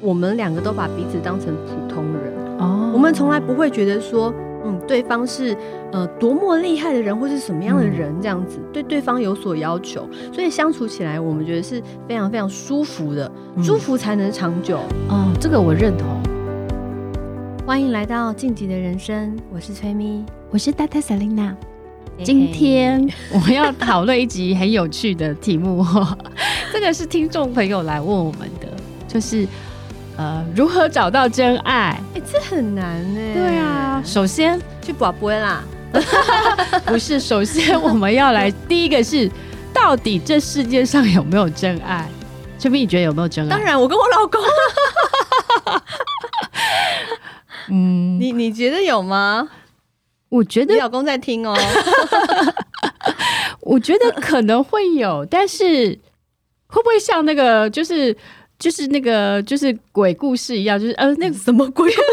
我們兩個都把彼此當成普通人哦，我們從來不會覺得說，嗯，對方是呃多麼厲害的人，或是什麼樣的人，這樣子對對方有所要求，所以相處起來我們覺得是非常非常舒服的，嗯、舒服才能長久、嗯、這個我認同、哦嗯。歡迎來到進擊的人生，我是崔咪，我是 Dr. Selena。今天、hey. 我們要討論一集很有趣的題目， 這個是聽眾朋友來問我們的，就是。呃，如何找到真愛？哎、欸，這很難呢、欸。對啊，首先去拜拜啦， 不是。首先我們要來 第一個是，到底這世界上有沒有真愛？這邊你覺得有沒有真愛？當然，我跟我老公。嗯，你你覺得有嗎？我覺得你老公在聽哦。 我覺得可能會有，但是會不會像那個就是？就是那個，就是鬼故事一樣，就是呃，那個什麼鬼故事？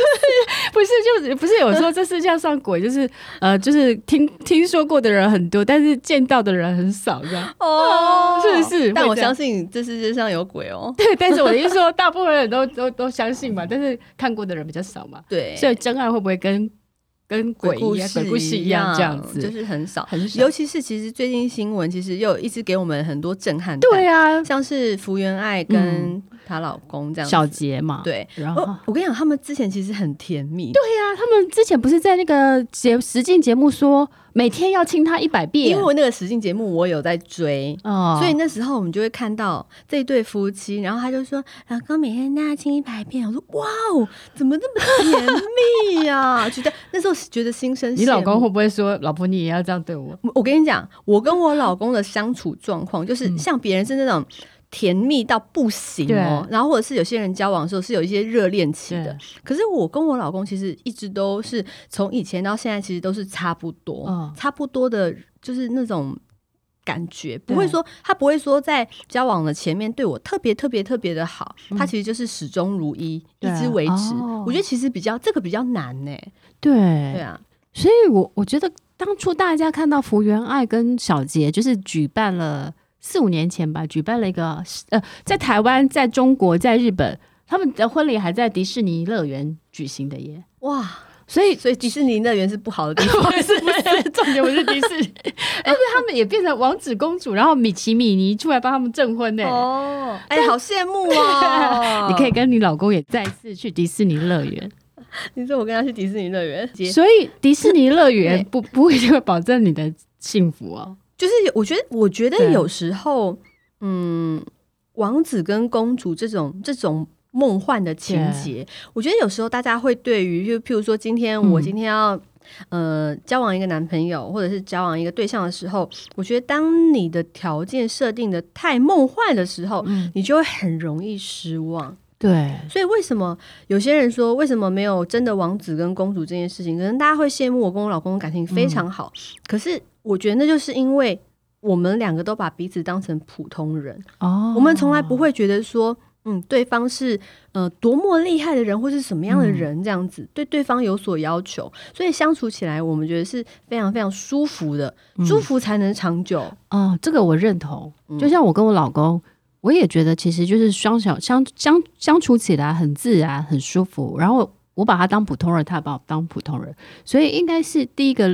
不是，就是不是？有時說這世界上算鬼，就是呃，就是聽聽說過的人很多，但是見到的人很少，是是哦、這樣哦，是是。但我相信這世界上有鬼哦。對，但是我就是說，大部分人都都都相信嘛，但是看過的人比較少嘛。對，所以真愛會不會跟？跟鬼故事一樣，一樣這樣子就是很少，很少，尤其是其實最近新聞其實又一直給我們很多震撼。對啊，像是福原愛跟她老公這樣、嗯、小傑嘛，對。然後我，我跟你講，他們之前其實很甜蜜。對呀、啊，他們之前不是在那個節實境節目說。每天要親他一百遍，因為我那個實境節目我有在追、哦，所以那時候我們就會看到這一對夫妻，然後他就說：“老公每天要親一百遍。”我說：“哇哦，怎麼那麼甜蜜呀？” 覺得那時候覺得心生。你老公會不會說：“老婆，你也要這樣對我？”我跟你講，我跟我老公的相處狀況，就是像別人是那種。嗯甜蜜到不行哦，然後或者是有些人交往的時候是有一些熱戀期的，可是我跟我老公其實一直都是從以前到現在，其實都是差不多，嗯、差不多的，就是那種感覺，不會說他不會說在交往的前面對我特別特別特別的好，嗯、他其實就是始終如一，一直維持、哦。我覺得其實比較這個比較難呢，對對啊，所以我我覺得當初大家看到福原愛跟小杰就是舉辦了。四五年前吧，舉辦了一個呃，在台灣、在中國、在日本，他們的婚禮還在迪士尼樂園舉行的耶！哇，所以所以迪士尼樂園是不好的地方， 不是不是，不是？重點不是迪士尼，不 是、欸、他們也變成王子公主，然後米奇米妮出來幫他們證婚呢。哦，哎、欸欸，好羨慕哦！ 你可以跟你老公也再一次去迪士尼樂園。 你說我跟他去迪士尼樂園，所以迪士尼樂園不 不一定會保證你的幸福哦。就是我覺得，我覺得有時候，嗯，王子跟公主這種這種夢幻的情節，我覺得有時候大家會對於，就譬如說，今天我今天要，嗯，呃交往一個男朋友，或者是交往一個對象的時候，我覺得當你的條件設定的太夢幻的時候，嗯，你就會很容易失望。對，所以為什麼有些人說為什麼沒有真的王子跟公主這件事情？可能大家會羨慕我跟我老公的感情非常好，嗯、可是我覺得那就是因為我們兩個都把彼此當成普通人哦，我們從來不會覺得說嗯對方是呃多麼厲害的人或是什麼樣的人、嗯、這樣子，對對方有所要求，所以相處起來我們覺得是非常非常舒服的，舒服才能長久、嗯、哦。這個我認同、嗯，就像我跟我老公。我也覺得，其實就是相相相相處起來很自然，很舒服。然後我把他當普通人，他把我當普通人，所以應該是第一個。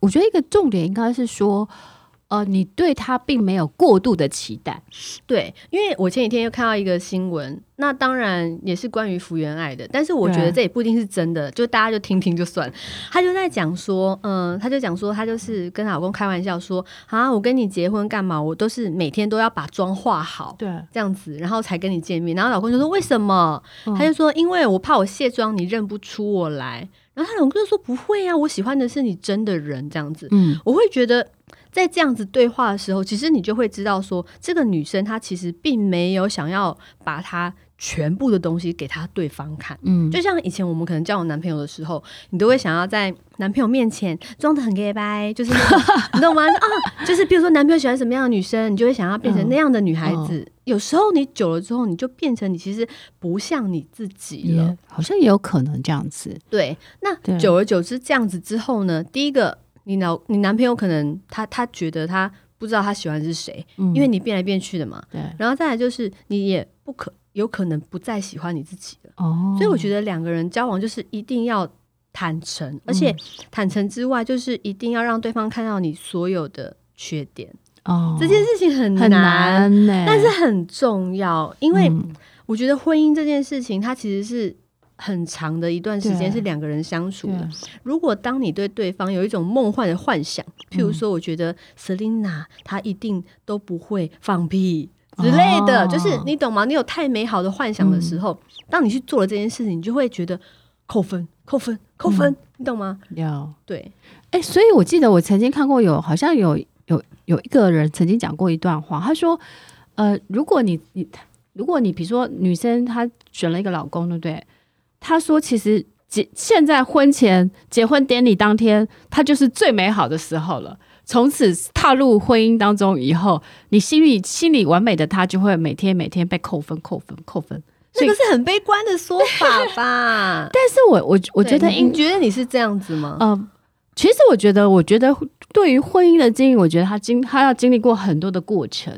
我覺得一個重點應該是說。呃，你對他並沒有過度的期待，對，因為我前幾天又看到一個新聞，那當然也是關於福原愛的，但是我覺得這也不一定是真的，就大家就聽聽就算了。他就在講說，嗯，他就講說，他就是跟老公開玩笑說，啊，我跟你結婚幹嘛？我都是每天都要把妝化好，對，這樣子，然後才跟你見面。然後老公就說，為什麼？嗯，他就說，因為我怕我卸妝你認不出我來。然後他老公就說，不會啊，我喜歡的是你真的人這樣子。嗯，我會覺得。在這樣子對話的時候，其實你就會知道說，說這個女生她其實並沒有想要把她全部的東西給她對方看。嗯，就像以前我們可能交往男朋友的時候，你都會想要在男朋友面前裝得很假掰，就是你懂嗎？啊 No，one , oh, 就是比如說男朋友喜歡什麼樣的女生，你就會想要變成那樣的女孩子。嗯嗯、有時候你久了之後，你就變成你其實不像你自己了。Yes, 好像也有可能這樣子。對，那久而久之這樣子之後呢，第一個。你男，你男朋友可能他他覺得他不知道他喜歡的是誰，嗯，因為你變來變去的嘛。對，然後再來就是你也不可有可能不再喜歡你自己了。哦。所以我覺得兩個人交往就是一定要坦誠，嗯，而且坦誠之外就是一定要讓對方看到你所有的缺點。哦，這件事情很難，很難，欸，但是很重要，因為我覺得婚姻這件事情它其實是。很長的一段時間是兩個人相處的。如果當你對對方有一種夢幻的幻想，譬如說，我覺得 Selena、嗯、她一定都不會放屁之類的，哦、就是你懂嗎？你有太美好的幻想的時候，嗯、當你去做了這件事情，你就會覺得扣分、扣分、扣分，嗯、你懂嗎？要對，哎、欸，所以我記得我曾經看過有好像有有有一個人曾經講過一段話，他說：“呃，如果你你如果你比如說女生她選了一個老公，對不對？”他說：“其實結現在婚前、結婚典禮當天，他就是最美好的時候了。從此踏入婚姻當中以後，你心裡心裡完美的他就會每天每天被扣分、扣分、扣分。這、那個是很悲觀的說法吧？ 但是我，我我我覺得我，你覺得你是這樣子嗎？嗯、呃，其實我覺得，我覺得，我覺得對於婚姻的經營，我覺得他經他要經歷過很多的過程。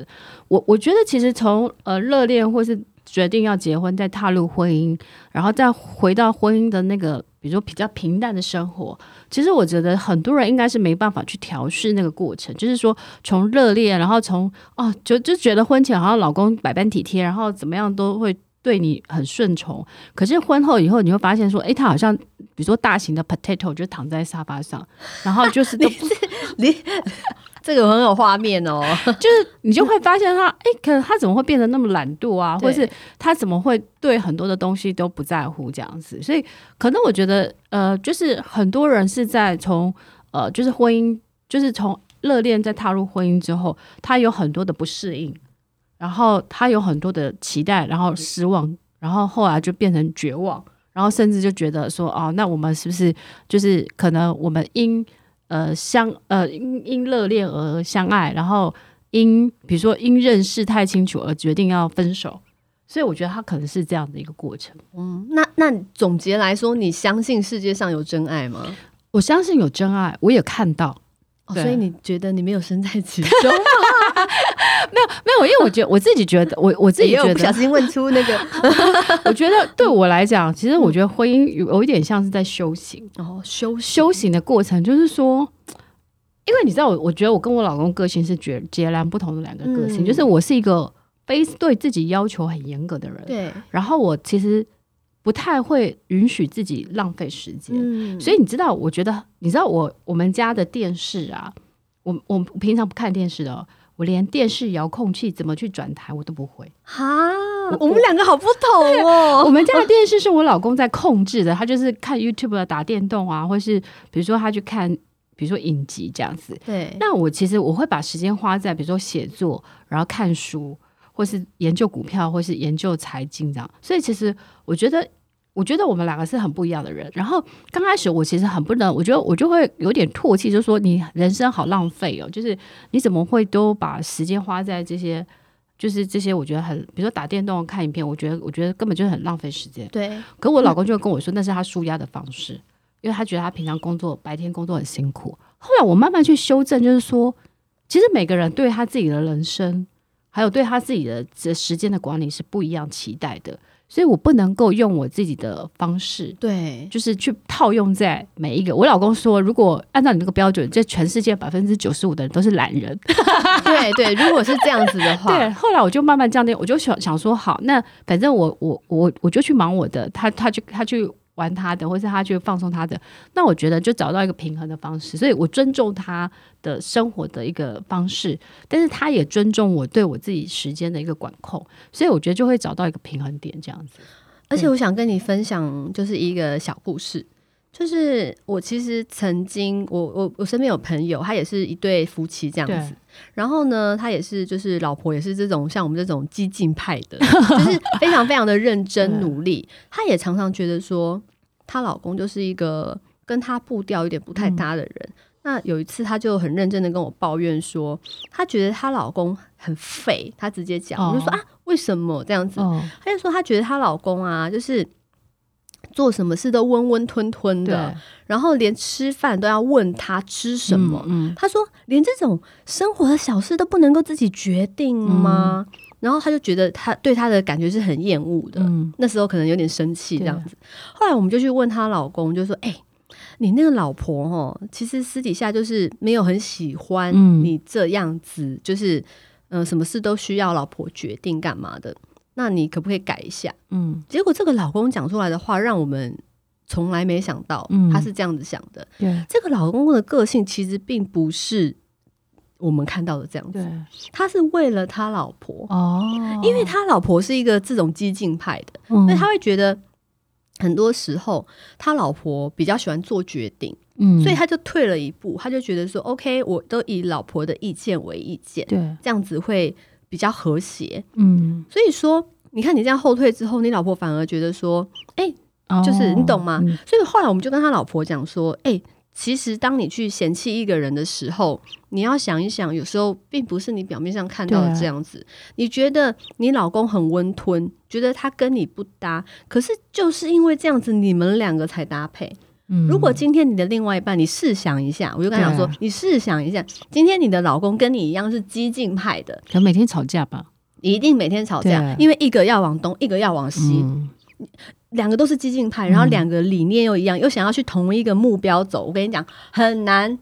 我我覺得，其實從呃熱戀或是。”決定要結婚，再踏入婚姻，然後再回到婚姻的那個，比如說比較平淡的生活。其實我覺得很多人應該是沒辦法去調試那個過程，就是說從熱戀，然後從哦，就就覺得婚前好像老公百般體貼，然後怎麼樣都會對你很順從。可是婚後以後你會發現說，說誒，他好像比如說大型的 potato 就躺在沙發上，然後就是都不 你是。你 這個很有畫面哦，就是你就會發現他， 誒，可能他怎麼會變得那麼懶惰啊，或者是他怎麼會對很多的東西都不在乎這樣子？所以，可能我覺得，呃，就是很多人是在從呃，就是婚姻，就是從熱戀在踏入婚姻之後，他有很多的不適應，然後他有很多的期待，然後失望，然後後來就變成絕望，然後甚至就覺得說，哦，那我們是不是就是可能我們因呃，相呃因因熱戀而相愛，然後因比如說因認識太清楚而決定要分手，所以我覺得他可能是這樣的一個過程。嗯，那那總結來說，你相信世界上有真愛嗎？我相信有真愛，我也看到，哦，所以你覺得你沒有身在其中嗎？ 沒有沒有，因為我覺得我自己覺得，我我自己覺得，不小心問出那個 ， 我覺得對我來講，其實我覺得婚姻有有一點像是在修行，然、哦、後修行修行的過程就是說，因為你知道我，我我覺得我跟我老公個性是截截然不同的兩個個性、嗯，就是我是一個非對自己要求很嚴格的人，對，然後我其實不太會允許自己浪費時間、嗯，所以你知道，我覺得你知道我我們家的電視啊，我我平常不看電視的。我連電視遙控器怎麼去轉台我都不會。好，我們兩個好不同哦。 我們家的電視是我老公在控制的， 他就是看 YouTube 打電動啊，或是比如說他去看，比如說影集這樣子。對，那我其實我會把時間花在比如說寫作，然後看書，或是研究股票，或是研究財經這樣。所以其實我覺得。我覺得我們兩個是很不一樣的人。然後剛開始我其實很不能，我覺得我就會有點唾棄，就說你人生好浪費哦，就是你怎麼會都把時間花在這些，就是這些我覺得很，比如說打電動、看影片，我覺得我覺得根本就是很浪費時間。對。可我老公就會跟我說，那是他紓壓的方式，嗯，因為他覺得他平常工作白天工作很辛苦。後來我慢慢去修正，就是說，其實每個人對他自己的人生，還有對他自己的這時間的管理是不一樣期待的。所以我不能夠用我自己的方式，對，就是去套用在每一個。我老公說，如果按照你那個標準，這全世界百分之九十五的人都是懶人。 對對，如果是這樣子的話， 對。後來我就慢慢降低，我就想想說，好，那反正我我我我就去忙我的，他他去他去。他去玩他的，或是他去放鬆他的，那我覺得就找到一個平衡的方式。所以我尊重他的生活的一個方式，但是他也尊重我對我自己時間的一個管控。所以我覺得就會找到一個平衡點這樣子。而且我想跟你分享就是一個小故事，嗯、就是我其實曾經，我我我身邊有朋友，他也是一對夫妻這樣子。然後呢，他也是就是老婆也是這種像我們這種激進派的，就是非常非常的認真努力。 他也常常覺得說。她老公就是一個跟她步調有點不太搭的人。嗯、那有一次，她就很認真的跟我抱怨說，她覺得她老公很廢。她直接講，我就說、哦、啊，為什麼這樣子？她、哦、就說，她覺得她老公啊，就是做什麼事都溫溫吞吞的，然後連吃飯都要問他吃什麼。她、嗯嗯、說，連這種生活的小事都不能夠自己決定嗎？嗯然後他就覺得他對她的感覺是很厭惡的、嗯，那時候可能有點生氣這樣子。後來我們就去問她老公，就說：“哎、欸，你那個老婆哦，其實私底下就是沒有很喜歡你這樣子，嗯、就是嗯、呃，什麼事都需要老婆決定幹嘛的？那你可不可以改一下？”嗯，結果這個老公講出來的話，讓我們從來沒想到，他是這樣子想的。嗯、對，這個老公公的個性其實並不是。我們看到的這樣子，他是為了他老婆哦，因為他老婆是一個這種激進派的，所以他會覺得很多時候他老婆比較喜歡做決定，嗯，所以他就退了一步，他就覺得說，OK，我都以老婆的意見為意見，對，這樣子會比較和諧，嗯，所以說，你看你這樣後退之後，你老婆反而覺得說，哎，就是你懂嗎？所以後來我們就跟他老婆講說，哎。其實，當你去嫌棄一個人的時候，你要想一想，有時候並不是你表面上看到的這樣子。啊、你覺得你老公很溫吞，覺得他跟你不搭，可是就是因為這樣子，你們兩個才搭配，嗯。如果今天你的另外一半，你試想一下，我就跟他講說、啊，你試想一下，今天你的老公跟你一樣是激進派的，可能每天吵架吧，你一定每天吵架，啊，因為一個要往東，一個要往西。嗯兩個都是激進派，然後兩個理念又一樣、嗯，又想要去同一個目標走。我跟你講，很難，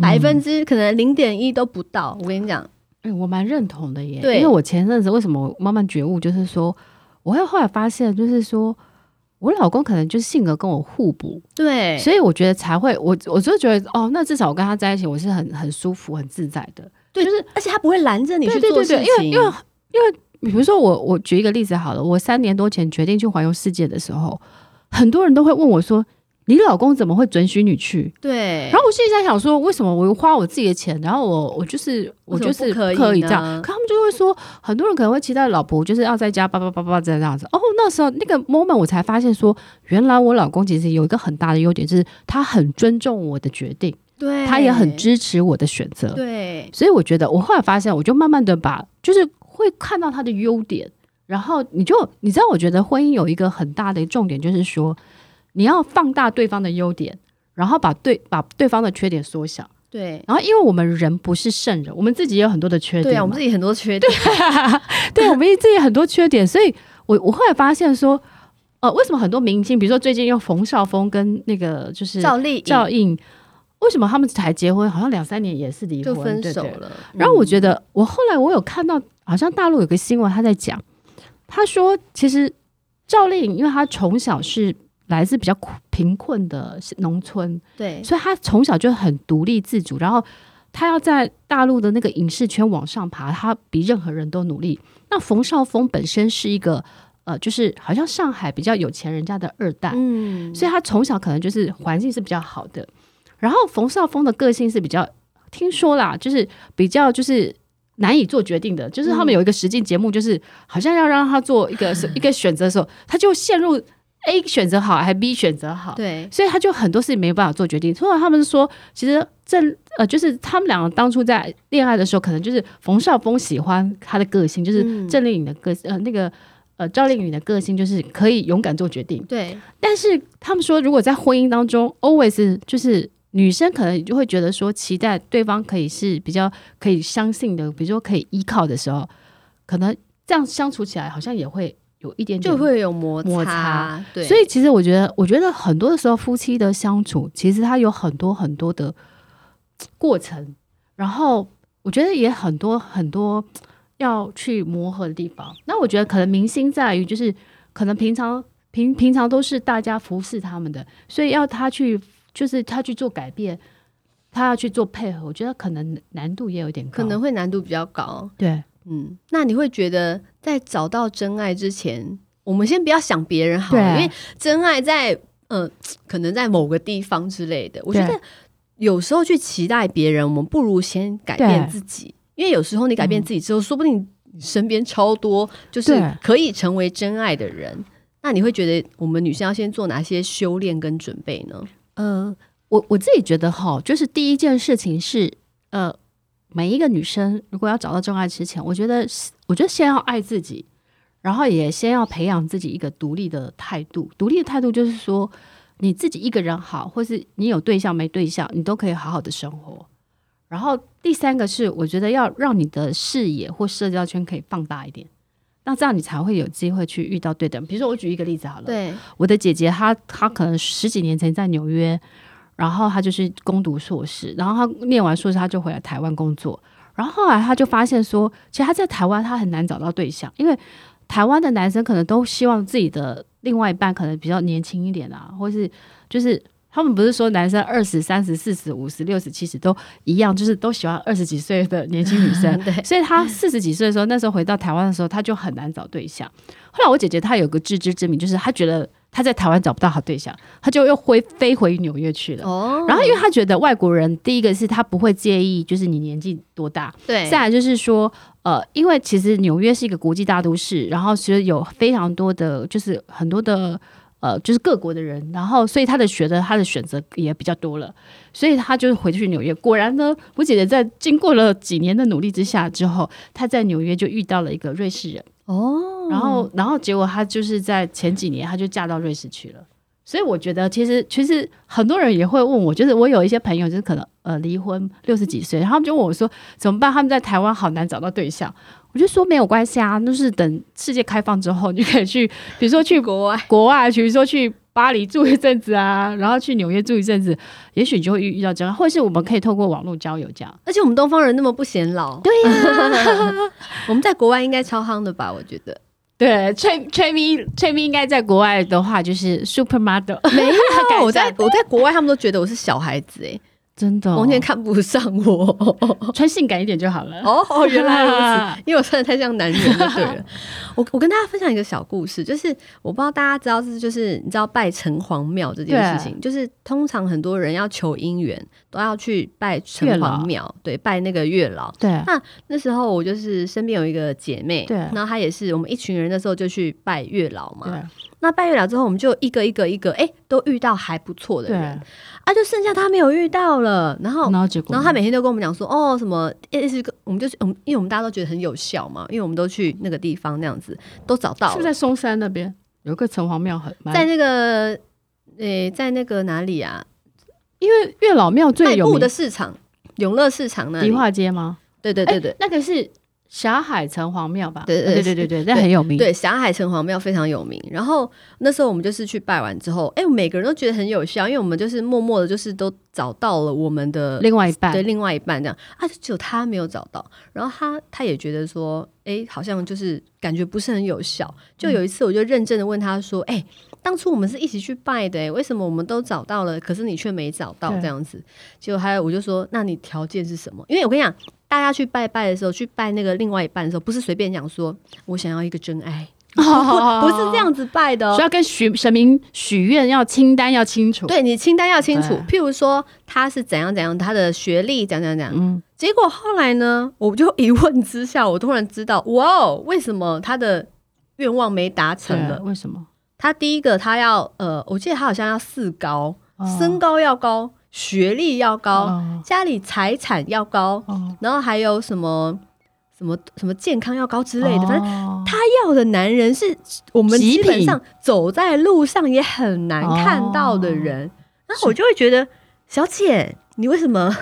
百分之、嗯、可能零點一都不到。我跟你講，哎、欸，我蠻認同的耶。對，因為我前陣子為什麼我慢慢覺悟，就是說，我後來發現，就是說我老公可能就是性格跟我互補，對，所以我覺得才會，我我就覺得哦，那至少我跟他在一起，我是很很舒服、很自在的。對，就是，而且他不會攔着你去做事情，對對對，因為因為因為。因為因為比如說我，我舉一個例子好了。我三年多前決定去環遊世界的時候，很多人都會問我說：“你老公怎麼會准許你去？”對。然後我現在想說：“為什麼我花我自己的錢？”然後我，我就是，我就是可以這樣。可他們就會說，很多人可能會期待老婆就是要在家叭叭叭叭在這樣子。哦，那時候那個 moment 我才發現說，原來我老公其實有一個很大的優點，就是他很尊重我的決定，對，他也很支持我的選擇，對。所以我覺得，我後來發現，我就慢慢的把就是。會看到他的優點，然後你就你知道，我覺得婚姻有一個很大的重點，就是說你要放大對方的優點，然後把對把對方的缺點縮小。對，然後因為我們人不是聖人，我們自己也有很多的缺點。對啊，我們自己很多缺點，對啊，對啊，我們自己很多缺點， 所以我我後來發現說，呃，為什麼很多明星，比如說最近用馮紹峰跟那個就是趙麗穎。為什麼他們才結婚？好像兩三年也是離婚，就分手了。對對。嗯，然後我覺得，我後來我有看到，好像大陸有個新聞，他在講，他說其實趙麗穎，因為她從小是來自比較貧困的農村，對，所以她從小就很獨立自主。然後她要在大陸的那個影視圈往上爬，她比任何人都努力。那馮紹峰本身是一個呃，就是好像上海比較有錢人家的二代，嗯，所以他從小可能就是環境是比較好的。然後馮紹峰的個性是比較聽說啦，就是比較就是難以做決定的。就是他們有一個實際節目，就是好像要讓他做一個、嗯、一個選擇的時候，他就陷入 A 選擇好還是 B 選擇好？對，所以他就很多事情沒有辦法做決定。雖然他們說，其實這呃，就是他們兩個當初在戀愛的時候，可能就是馮紹峰喜歡他的個性，就是鄭麗穎的個、嗯、呃那個呃趙麗穎的個性，就是可以勇敢做決定。對，但是他們說，如果在婚姻當中，always 就是女生可能就會覺得說，期待對方可以是比較可以相信的，比如說可以依靠的時候，可能這樣相處起來好像也會有一點點就會有摩擦，對。所以其實我覺得，我覺得很多的時候夫妻的相處，其實他有很多很多的過程，然後我覺得也很多很多要去磨合的地方。那我覺得可能明星在於就是，可能平常平平常都是大家服侍他們的，所以要他去。就是他去做改變，他要去做配合，我覺得可能難度也有點高，可能會難度比較高。對，嗯，那你會覺得在找到真愛之前，我們先不要想別人好了，對，因為真愛在呃可能在某個地方之類的。我覺得有時候去期待別人，我們不如先改變自己，因為有時候你改變自己之後，嗯、說不定身邊超多就是可以成為真愛的人。那你會覺得我們女生要先做哪些修煉跟準備呢？呃，我我自己覺得哈，就是第一件事情是，呃，每一個女生如果要找到真愛之前，我覺得我覺得先要愛自己，然後也先要培養自己一個獨立的態度。獨立的態度就是說，你自己一個人好，或是你有對象沒對象，你都可以好好的生活。然後第三個是，我覺得要讓你的視野或社交圈可以放大一點。那這樣你才會有機會去遇到對的。比如說，我舉一個例子好了，對，我的姐姐她她可能十幾年前在紐約，然後她就是攻讀碩士，然後她念完碩士她就回來台灣工作，然後後來她就發現說，其實她在台灣她很難找到對象，因為台灣的男生可能都希望自己的另外一半可能比較年輕一點啊，或是就是。他們不是說男生二十三十四十五十六十七十都一樣，就是都喜歡二十幾歲的年輕女生。 對，所以他四十幾歲的時候，那時候回到台灣的時候，他就很難找對象。後來我姐姐她有個自知之明，就是她覺得她在台灣找不到好對象，她就又回飛回紐約去了。哦、oh，然後因為她覺得外國人，第一個是她不會介意就是你年紀多大，對。再來就是說，呃，因為其實紐約是一個國際大都市，然後其實有非常多的就是很多的。呃，就是各國的人，然後所以他的學的、他的選擇也比較多了，所以他就回去紐約。果然呢，我姐姐在經過了幾年的努力之下之後，她在紐約就遇到了一個瑞士人哦，然後然後結果她就是在前幾年，她就嫁到瑞士去了。所以我覺得，其實其實很多人也會問我，就是我有一些朋友，就是可能呃離婚六十幾歲，然後就問我說怎麼辦？他們在台灣好難找到對象，我就說沒有關係啊，就是等世界開放之後，你可以去，比如說去國外，國外比如說去巴黎住一陣子啊，然後去紐約住一陣子，也許你就會遇遇到這樣，或者是我們可以透過網絡交友這樣。而且我們東方人那麼不顯老，對呀，我們在國外應該超夯的吧？我覺得。對，崔崔咪，崔咪應該在國外的話，就是 supermodel。沒有， 我在 我在國外，他們都覺得我是小孩子誒、欸真的完、哦、全看不上我， 穿性感一點就好了 哦。哦哦，原來如此， 因為我穿的太像男人。對了。對 我我跟大家分享一個小故事，就是我不知道大家知道是就是你知道拜城隍廟這件事情，就是通常很多人要求姻緣都要去拜城隍廟，對，拜那個月老。對，那那時候我就是身邊有一個姐妹，對，然後她也是我們一群人，那時候就去拜月老嘛。對那拜月老之後，我們就一個一個一個、一個，哎、欸，都遇到還不錯的人。啊！就剩下他沒有遇到了，然後，然後，他每天都跟我們講說，哦，什麼？一、欸、直，我們就是，因為我們大家都覺得很有效嘛，因為我們都去那個地方，那樣子都找到了。是，是在松山那邊有個城隍廟很，很在那個誒、欸，在那個哪裡啊？因為月老廟最有賣布的市場，永樂市場那迪化街嗎？對對對對，欸、那個是。霞海城隍廟吧，對對對對對，那很有名。對，對，霞海城隍廟非常有名。然後那時候我們就是去拜完之後，哎，每個人都覺得很有效，因為我們就是默默的，就是都找到了我們的另外一半，對，另外一半這樣。啊，就只有他沒有找到，然後他他也覺得說，哎，好像就是感覺不是很有效。就有一次，我就認真的問他說，哎，當初我們是一起去拜的，哎，為什麼我們都找到了，可是你卻沒找到這樣子？結果他我就說，那你條件是什麼？因為我跟你講。大家去拜拜的時候，去拜那個另外一半的時候，不是隨便講說“我想要一個真愛”，哦、 不是這樣子拜的。哦、需要跟神神明許願，要清單要清楚。對，你清單要清楚，譬如說他是怎樣怎樣，他的學歷怎樣怎樣。嗯，結果後來呢，我就一問之下，我突然知道，哇哦，為什麼他的願望沒達成的？為什麼？他第一個他要呃，我記得他好像要四高，哦、身高要高。學歷要高，家裡財產要高，oh. 然後還有什麼什麼什麼健康要高之類的，oh. 反正他要的男人是我們基本上走在路上也很難看到的人。那、oh. 我就會覺得，小姐，你為什麼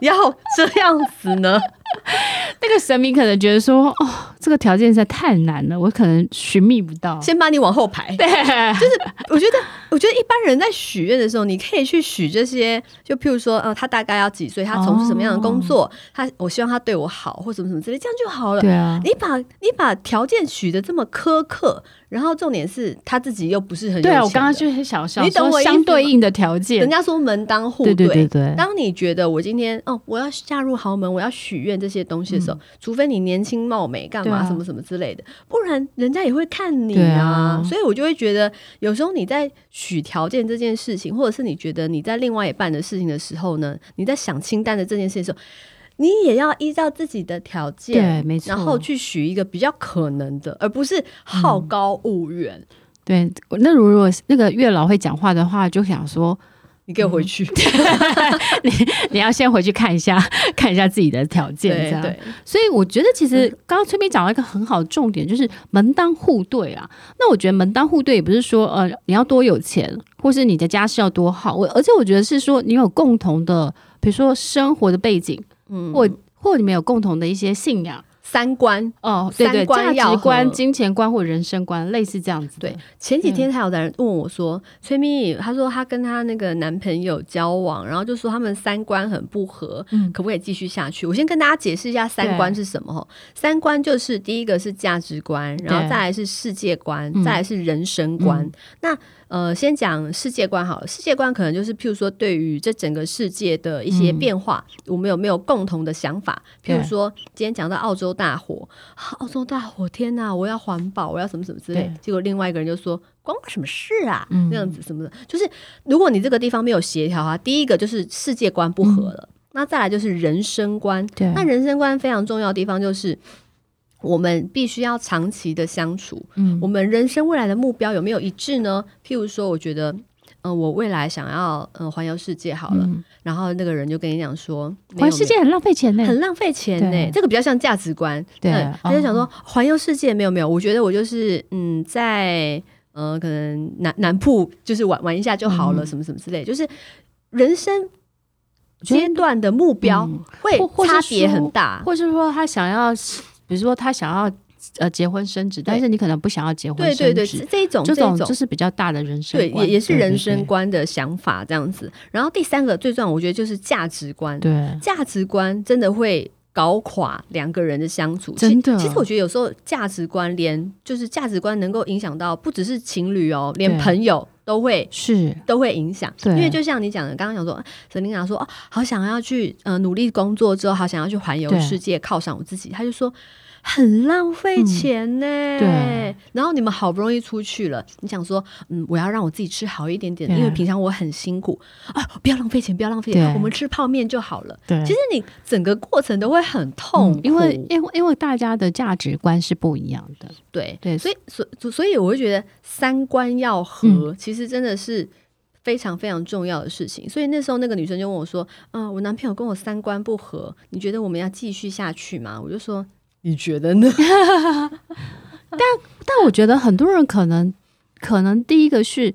要這樣子呢？ 那個神明可能覺得說，哦，這個條件實在太難了，我可能尋覓不到。先把你往後排，對，就是我覺得， 我覺得一般人在許願的時候，你可以去許這些，就譬如說，哦、嗯，他大概要幾歲，他從事什麼樣的工作，哦、他，我希望他對我好，或什麼什麼之類，這樣就好了。對啊你，你把你把條件許得這麼苛刻。然後重點是他自己又不是很有錢的，對啊，我剛剛就很想你我，相對應的條件，人家說門當戶對，對對對，對。當你覺得我今天哦，我要嫁入豪門，我要許願這些東西的時候，嗯、除非你年輕貌美，幹嘛、啊、什麼什麼之類的，不然人家也會看你啊，啊。所以我就會覺得，有時候你在許條件這件事情，或者是你覺得你在另外一半的事情的時候呢，你在想清單的這件事情的時候。你也要依照自己的條件，對，沒錯，然後去許一個比較可能的，而不是好高騖遠。嗯、對，那如、如果那個月老會講話的話，就想說，你給我回去，嗯、 你你要先回去看一下，看一下自己的條件，對這樣對。所以我覺得，其實剛剛崔咪講了一個很好的重點，就是門當戶對啊。那我覺得門當戶對也不是說，呃，你要多有錢，或是你的家世要多好。我而且我覺得是說，你有共同的。比如說生活的背景，嗯，或或你們有共同的一些信仰、三觀哦，對對三觀，價值觀、金錢觀或者人生觀，類似這樣子。對，前幾天還有人問我說：“嗯、崔咪，他說他跟他那個男朋友交往，然後就說他們三觀很不合，嗯、可不可以繼續下去？”我先跟大家解釋一下三觀是什麼。三觀就是第一個是價值觀，然後再來是世界觀，再來是人生觀。嗯嗯、那呃，先講世界觀好了。世界觀可能就是，譬如說，對於這整個世界的一些變化，嗯、我們有沒有共同的想法？嗯、譬如說，今天講到澳洲大火、啊，澳洲大火，天哪！我要環保，我要什麼什麼之類。結果另外一個人就說：“關我什麼事啊？”那、嗯、樣子什麼的，就是如果你這個地方沒有協調啊，第一個就是世界觀不合了。嗯、那再來就是人生觀，對，那人生觀非常重要的地方就是。我們必須要長期的相處，嗯，我們人生未來的目標有沒有一致呢？譬如說，我覺得，嗯、呃，我未來想要，嗯、呃，環遊世界好了、嗯。然後那個人就跟你講說，環遊世界很浪費錢呢，很浪費錢呢。這個比較像價值觀對，對。他就想說，環遊世界沒有沒有，我覺得我就是，嗯，在，呃，可能南南部就是玩玩一下就好了，嗯、什麼什麼之類。就是人生階段的目標會差別很大、嗯嗯，或或，或是說他想要。比如說，他想要呃結婚生子，但是你可能不想要結婚生子，對對對，這種這種就是比較大的人生觀，也也是人生觀的想法這樣子。對對對，然後第三個最重要，我覺得就是價值觀，對，價值觀真的會。搞垮兩個人的相處，真的。其、其實我覺得有時候價值觀連，就是價值觀能夠影響到，不只是情侶哦、喔，連朋友都會是都會影響。因為就像你講的，剛剛講說，Selena 說哦，好想要去呃努力工作之後，好想要去環遊世界，犒賞我自己，他就說。很浪費錢呢、欸嗯，對。然後你們好不容易出去了，你想說，嗯，我要讓我自己吃好一點點，因為平常我很辛苦啊，不要浪費錢，不要浪費錢，我們吃泡麵就好了。對，其實你整個過程都會很痛、嗯，因為，因，因為大家的價值觀是不一樣的，對，對。所以，所以，所以，我會覺得三觀要合、嗯，其實真的是非常非常重要的事情。所以那時候，那個女生就問我說，嗯、呃，我男朋友跟我三觀不合，你覺得我們要繼續下去嗎？我就說。你覺得呢？ 但但我覺得很多人可能可能第一個是，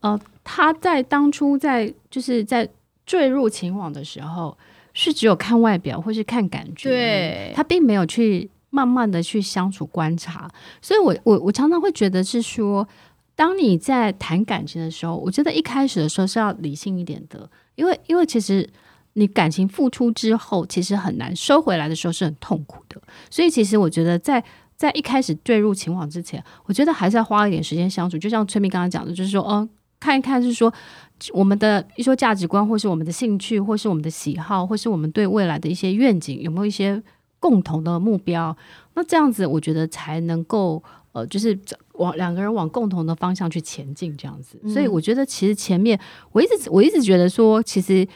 呃，他在當初在就是在墜入情網的時候，是只有看外表或是看感覺，對，他並沒有去慢慢的去相處觀察。所以我我我常常會覺得是說，當你在談感情的時候，我覺得一開始的時候是要理性一點的，因為因為其實。你感情付出之後，其實很難收回來的時候是很痛苦的。所以，其實我覺得在，在在一開始墜入情網之前，我覺得還是要花一點時間相處。就像崔咪剛剛講的，就是說，嗯、呃，看一看，就是說我們的一些價值觀，或是我們的興趣，或是我們的喜好，或是我們對未來的一些願景，有沒有一些共同的目標？那這樣子，我覺得才能夠，呃，就是往兩個人往共同的方向去前進。這樣子、嗯，所以我覺得，其實前面我一直我一直覺得說，其實。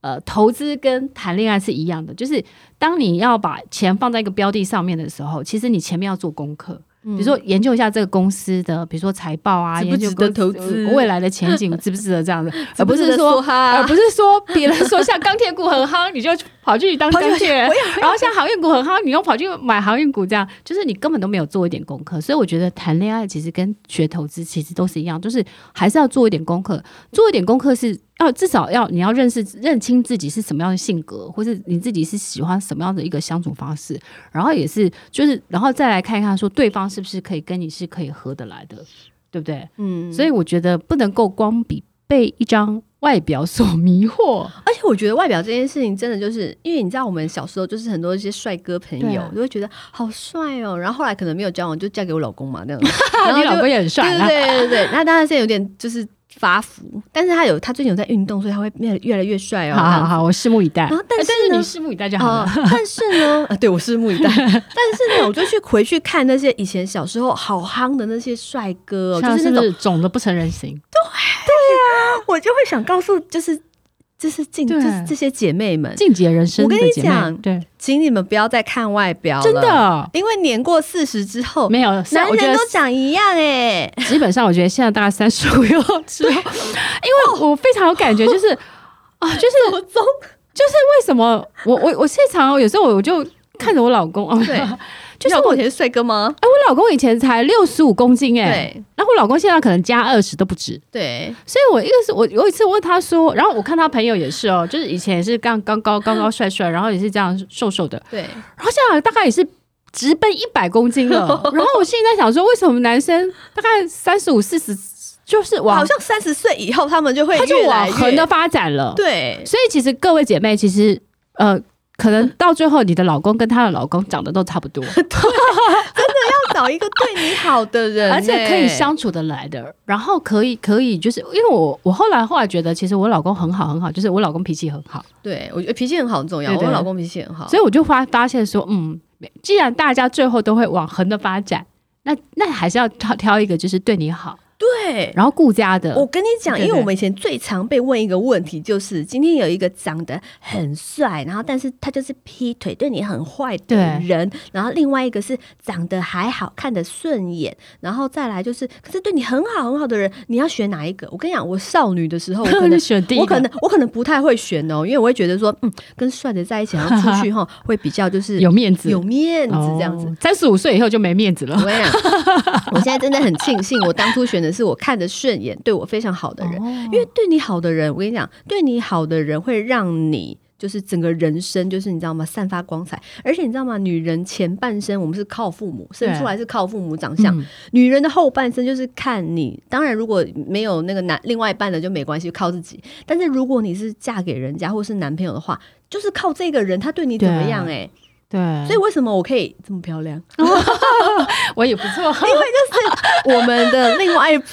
呃，投資跟談戀愛是一樣的，就是當你要把錢放在一個標的上面的時候，其實你前面要做功課，嗯、比如說研究一下這個公司的，比如說財報啊，值值研究跟投資未來的前景 值不值得這樣子，而不是說，值不值說、啊、而不是說，別人說像鋼鐵股很夯， 你就跑去當鋼鐵， 然後像航運股很夯，你又跑去買航運股，這樣就是你根本都沒有做一點功課。所以我覺得談戀愛其實跟學投資其實都是一樣，就是還是要做一點功課，做一點功課是。要至少要，你要認識、認清自己是什麼樣的性格，或是你自己是喜歡什麼樣的一個相處方式，然後也是就是，然後再來看一看，說對方是不是可以跟你是可以合得來的，對不對？嗯。所以我覺得不能夠光比被一張外表所迷惑，而且我覺得外表這件事情真的就是因為你知道，我們小時候就是很多一些帥哥朋友，都會覺得、啊、好帥哦，然後後來可能沒有交往，就嫁給我老公嘛那種。 然後就 你老公也很帥、啊，對，對對對對。那當然現在有點就是。發福，但是他有，他最近有在運動，所以他會越越來越帥哦。好好好，我拭目以待、啊但是呢。但是你拭目以待就好了。呃、但是呢，呃、 啊，對我拭目以待。 但是呢，我就去回去看那些以前小時候好夯的那些帥哥、哦， 就是那種腫的不,不成人形。對 對啊，我就會想告訴，就是。這、就是靜，這、就是這些姐妹們進擊人生姐。我跟你講，對，請你們不要再看外表真的、哦。因為年過四十之後，沒有三男人都長一樣哎。基本上，我覺得現在大概三十五以後，因為我非常有感覺、就是哦哦，就是啊，就是我總，就是為什麼我我我現場有時候我我就看着我老公對。哦對.就是我以前帥哥嗎？誒、欸，我老公以前才六十五公斤誒、欸，然後我老公現在可能加二十都不止。對，所以我一個是，我有一次問他說，然後我看他朋友也是哦，就是以前也是剛剛高高高帥帥，然後也是這樣瘦瘦的。對，然後現在大概也是直奔一百公斤了。 然後我現在想說，為什麼男生大概三十五四十，就是往好像三十歲以後他們就會越來越他就往橫的發展了。對，所以其實各位姐妹，其實呃。可能到最後，你的老公跟他的老公長得都差不多。 對，真的要找一個對你好的人， 而且可以相處得來的。然後可以可以就是，因為我我後來後來覺得，其實我老公很好很好，就是我老公脾氣很好。對，我覺得脾氣很好很重要。我老公脾氣很好。對對對，所以我就發發現說，嗯，既然大家最後都會往橫的發展，那那還是要挑挑一個就是對你好。對，然後顧家的，我跟你講，因為我們以前最常被問一個問題，就是今天有一個長得很帥，然後但是他就是劈腿對你很壞的人，然後另外一個是長得還好，看得順眼，然後再來就是可是對你很好很好的人，你要選哪一個？我跟你講，我少女的時候我可能選第一，我可能， 我，可能我可能不太會選哦，因為我會覺得說，嗯，跟帥的在一起然後出去吼 會比較就是有面子，有面子這樣子。三十五歲以後就沒面子了。我跟你講，我現在真的很慶幸 我當初選的。是我看得順眼，對我非常好的人，因為對你好的人，我跟你講，對你好的人會讓你就是整個人生，就是你知道嗎？散發光彩。而且你知道嗎？女人前半生我們是靠父母生出來，是靠父母長相；嗯、女人的後半生就是看你。當然，如果沒有那個男另外一半的就沒關係，靠自己。但是如果你是嫁給人家或是男朋友的話，就是靠這個人他對你怎麼樣、欸？哎、嗯。對，所以為什麼我可以這麼漂亮？ 我也不錯， 因為就是我們的另外一半，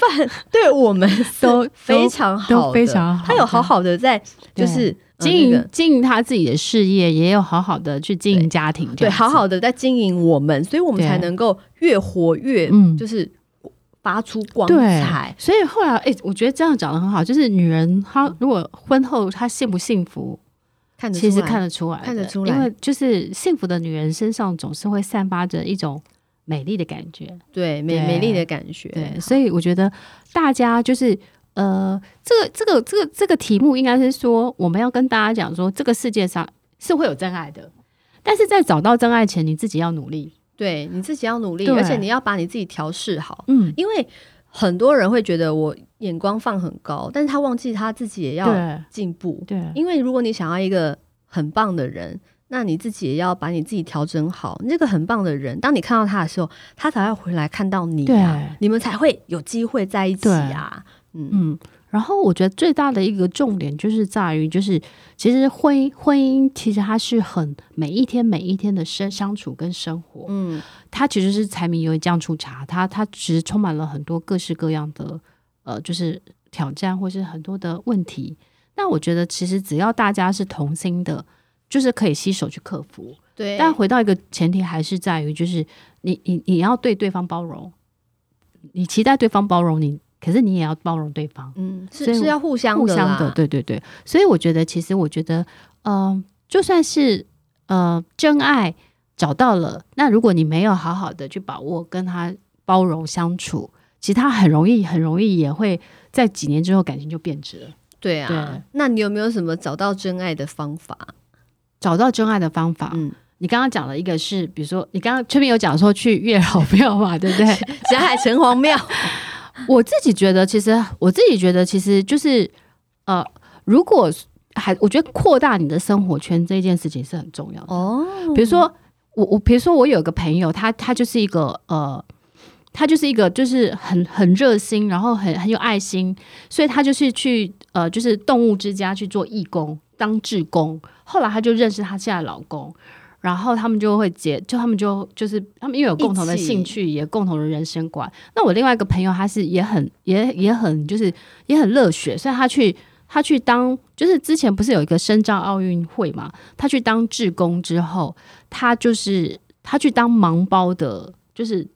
對我們都非常好 都，都非常好。他有好好的在，就是、嗯、經營、這個、經營他自己的事業，也有好好的去經營家庭，對，對，好好的在經營我們，所以我們才能夠越活越就是發出光彩。嗯、所以後來，哎、欸，我覺得這樣講的很好，就是女人她如果婚後她幸不幸福？看得出其實看得出來，看得出來，因為就是幸福的女人身上總是會散發着一種美麗的感覺，對，對美美麗的感覺，對,對，所以我覺得大家就是呃，這個這個這個這個題目應該是說，我們要跟大家講說，這個世界上是會有真愛的，但是在找到真愛前，你自己要努力，對，你自己要努力，而且你要把你自己調適好，嗯，因為。很多人會覺得我眼光放很高，但是他忘記他自己也要進步。對。對，因為如果你想要一個很棒的人，那你自己也要把你自己調整好。那、這個很棒的人，當你看到他的時候，他才會回來看到你呀、啊。你們才會有機會在一起啊。嗯。嗯然後我覺得最大的一個重點就是在於，就是其實婚姻，婚姻其實它是很每一天每一天的生相處跟生活，嗯，它其實是柴米油鹽醬醋茶，它它其實充滿了很多各式各樣的呃，就是挑戰或是很多的問題。那我覺得其實只要大家是同心的，就是可以攜手去克服。對。但回到一個前提，還是在於就是你你你要對對方包容，你期待對方包容你。可是你也要包容對方，嗯，是是要互相，互相的，對對對。所以我覺得，其實我覺得，嗯、呃，就算是呃真愛找到了，那如果你沒有好好的去把握跟他包容相處，其實他很容易，很容易也會在幾年之後感情就變質了。對啊對，那你有沒有什麼找到真愛的方法？找到真愛的方法，嗯，你剛剛講了一個是，比如說你剛剛春明有講說去月老廟嘛， 對不對？霞海城隍廟。 我自己覺得，其實我自己覺得，其實就是，呃，如果還，我覺得擴大你的生活圈這件事情是很重要的哦。Oh. 比如說，我我比如說，我有個朋友，他他就是一個呃，他就是一個就是很很熱心，然後很很有愛心，所以他就是去呃就是動物之家去做義工當志工，後來他就認識他現在的老公。然後他們就會結，就他們就就是他們因為有共同的興趣，也共同的人生觀。那我另外一個朋友，他是也很也也很就是也很熱血，所以他去他去當就是之前不是有一個深奧奧運會嘛，他去當志工之後，他就是他去當盲胞的，就是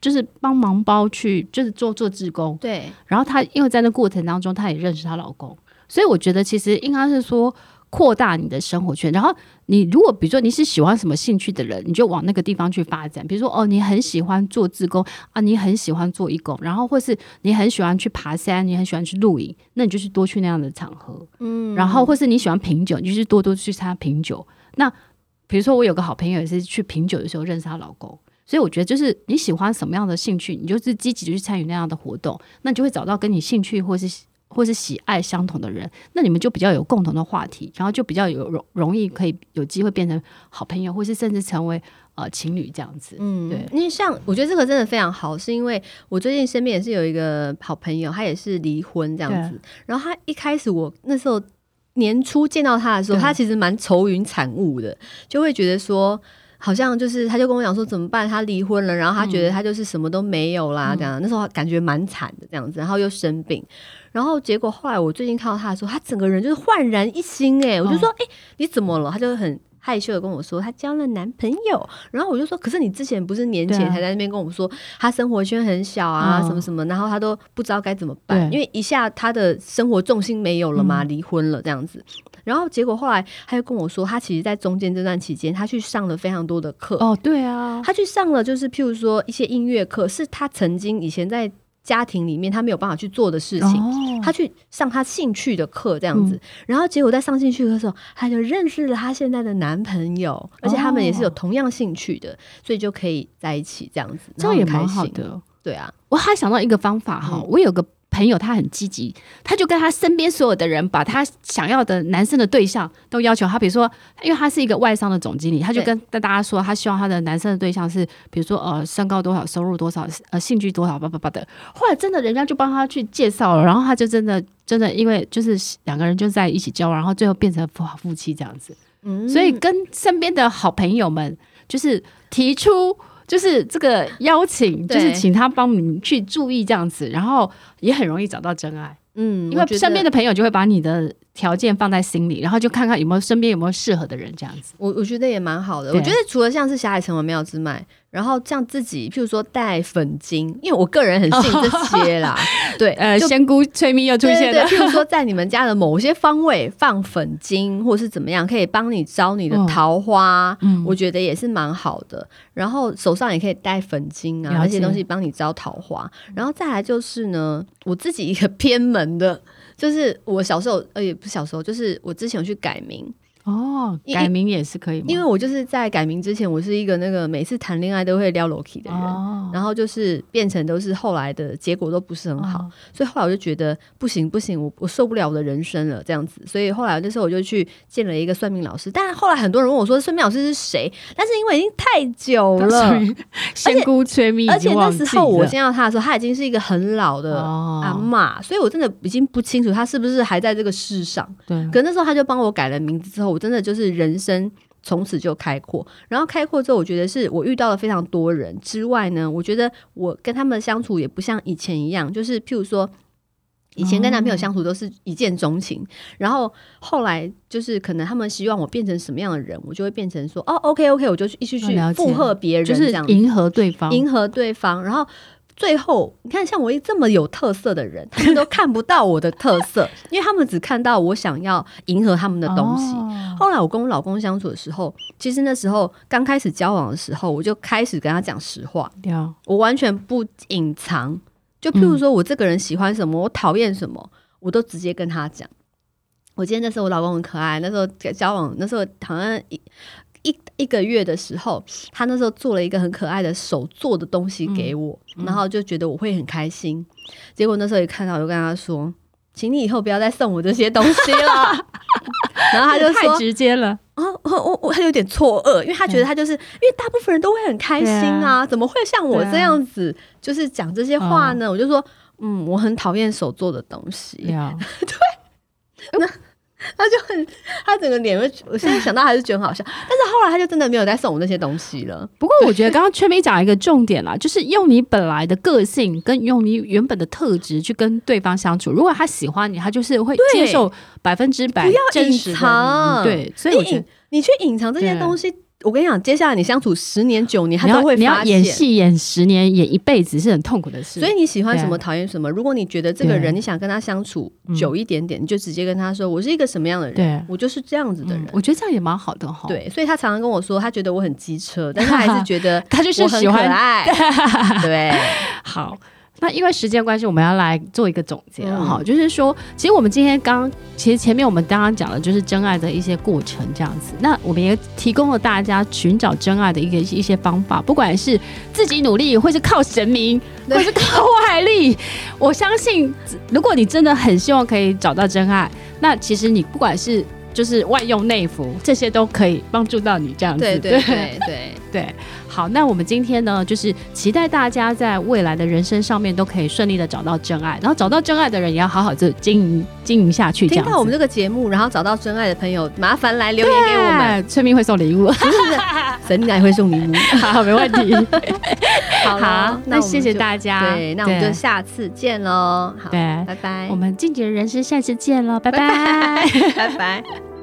就是幫盲胞去就是做做志工。對。然後他因為在那過程當中，他也認識他老公，所以我覺得其實應該是說。擴大你的生活圈，然後你如果比如說你是喜歡什麼興趣的人，你就往那個地方去發展。比如說哦，你很喜歡做志工啊，你很喜歡做義工，然後或是你很喜歡去爬山，你很喜歡去露營，那你就去多去那樣的場合。嗯，然後或是你喜歡品酒，你就是多多去參加品酒。那比如說我有個好朋友也是去品酒的時候認識她老公，所以我覺得就是你喜歡什麼樣的興趣，你就是積極去參與那樣的活動，那你就會找到跟你興趣或是。或是喜愛相同的人，那你們就比較有共同的話題，然後就比較有容容易可以有機會變成好朋友，或是甚至成為呃情侶這樣子。嗯，對，因為像我覺得這個真的非常好，是因為我最近身邊也是有一個好朋友，他也是離婚這樣子。然後他一開始我那時候年初見到他的時候，他其實蠻愁雲慘霧的，就會覺得說好像就是他就跟我講說怎麼辦，他離婚了，然後他覺得他就是什麼都沒有啦，嗯、這樣。那時候感覺蠻慘的這樣子，然後又生病。然後結果後來我最近看到他的時候，他整個人就是煥然一新哎，我就說哎、哦欸、你怎麼了？他就很害羞的跟我說他交了男朋友。然後我就說可是你之前不是年前還在那邊跟我們說、啊、他生活圈很小啊什麼什麼，然後他都不知道該怎麼辦，哦、因為一下他的生活重心沒有了嘛，離婚了這樣子。然後結果後來他就跟我說，他其實，在中間這段期間，他去上了非常多的課哦，對啊，他去上了就是譬如說一些音樂課，是他曾經以前在。家庭裡面他沒有辦法去做的事情，oh. 他去上他興趣的課這樣子，嗯，然後結果在上興趣課的時候，他就認識了他現在的男朋友，oh. 而且他們也是有同樣興趣的，所以就可以在一起這樣子，oh. 開心這樣也蠻好的。對啊，我還想到一個方法哈，嗯，我有個。朋友他很積極，他就跟他身邊所有的人，把他想要的男生的對象都要求他。比如說，因為他是一個外商的總經理，他就跟大家說，他希望他的男生的對象是，比如說呃，身高多少，收入多少，呃，興趣多少，巴巴巴的。後來真的人家就幫他去介紹了，然後他就真的真的因為就是兩個人就在一起交往，然後最後變成夫妻這樣子。嗯、所以跟身邊的好朋友們就是提出。就是這個邀請，就是請他幫你去注意這樣子，然後也很容易找到真愛。嗯，因為身邊的朋友就會把你的。條件放在心裡，然後就看看有沒有身邊有沒有適合的人，這樣子。我我覺得也蠻好的。我覺得除了像是霞海城隍廟之外，然後像自己，譬如說戴粉晶，因為我個人很信這些啦。 對，呃，仙姑崔咪又出現了。對對對，譬如說，在你們家的某些方位放粉晶 或是怎麼樣，可以幫你招你的桃花。嗯，我覺得也是蠻好的。然後手上也可以戴粉晶啊，這些東西幫你招桃花。然後再來就是呢，我自己一個偏門的。就是我小時候，呃，也不是小時候，就是我之前有去改名。哦，改名也是可以嗎？因為我就是在改名之前，我是一個那個每次談戀愛都會撩 Loki 的人，哦，然後就是變成都是後來的結果都不是很好，哦，所以後來我就覺得不行不行，我我受不了我的人生了這樣子。所以後來那時候我就去見了一個算命老師，但是後來很多人問我說算命老師是誰，但是因為已經太久了，對 仙姑催蜜而，且而，且了而且那時候我見到他的時候，他已經是一個很老的阿嬤，哦，所以我真的已經不清楚他是不是還在這個世上。對，可那時候他就幫我改了名字之後。我真的就是人生從此就開闊，然後開闊之後，我覺得是我遇到了非常多人之外呢，我覺得我跟他們相處也不像以前一樣，就是譬如說，以前跟男朋友相處都是一見鍾情，哦、然後後來就是可能他們希望我變成什麼樣的人，我就會變成說哦，OK OK，我就去一起去附和別人，就是迎合對方，迎合對方，然後。最後，你看，像我這麼有特色的人，他們都看不到我的特色，因為他們只看到我想要迎合他們的東西。後來我跟我老公相處的時候，其實那時候剛開始交往的時候，我就開始跟他講實話，我完全不隱藏。就譬如說我這個人喜歡什麼，我討厭什麼，我都直接跟他講。我今天那時候我老公很可愛，那時候交往那時候好像。一一個月的時候，他那時候做了一個很可愛的手做的東西給我，嗯嗯、然後就覺得我會很開心。嗯、結果那時候一看到，我就跟他說：“請你以後不要再送我這些東西了。 ” 然後他就說：“太直接了。哦”啊、哦，我我我，他就有點錯愕，因為他覺得他就是對因為大部分人都會很開心啊，啊怎麼會像我這樣子就是講這些話呢、啊？我就說：“嗯，我很討厭手做的東西。嗯” 對。他就很，他整個臉會，我現在想到還是覺得好笑。 但是後來他就真的沒有再送我那些東西了。不過我覺得剛剛崔咪講一個重點啦， 就是用你本來的個性跟用你原本的特質去跟對方相處。如果他喜歡你，他就是會接受百分之百的，不要隱藏。嗯、對，所以你，你去隱藏這些東西。我跟你講，接下來你相處十年、九年，他都會發現你。你要演戲演十年、演一輩子是很痛苦的事。所以你喜歡什麼，討厭什麼？如果你覺得這個人，你想跟他相處久一點點，你就直接跟他說：“我是一個什麼樣的人，我就是這樣子的人。嗯”我覺得這樣也蠻好的對，所以他常常跟我說，他覺得我很機車， 但他還是覺得我很可 他就是喜歡愛。 對， 好。那因為時間關係，我們要來做一個總結了哈。嗯、就是說，其實我們今天剛，其實前面我們剛剛講的就是真愛的一些過程這樣子。那我們也提供了大家尋找真愛的一個一，一些方法，不管是自己努力，或是靠神明，或是靠外力。我相信，如果你真的很希望可以找到真愛，那其實你不管是就是外用內服，這些都可以幫助到你這樣子。對對對對 對。好，那我們今天呢，就是期待大家在未來的人生上面都可以順利的找到真愛，然後找到真愛的人也要好好就經營經營下去這樣。聽到我們這個節目，然後找到真愛的朋友，麻煩來留言給我們，崔咪會送禮物， 是是是 神奶會送禮物， 好，沒問題。 好，好，那謝謝大家，那我們就下次見嘍，好，拜拜，我們進擊的人生，下次見嘍，拜拜，拜拜。 拜拜。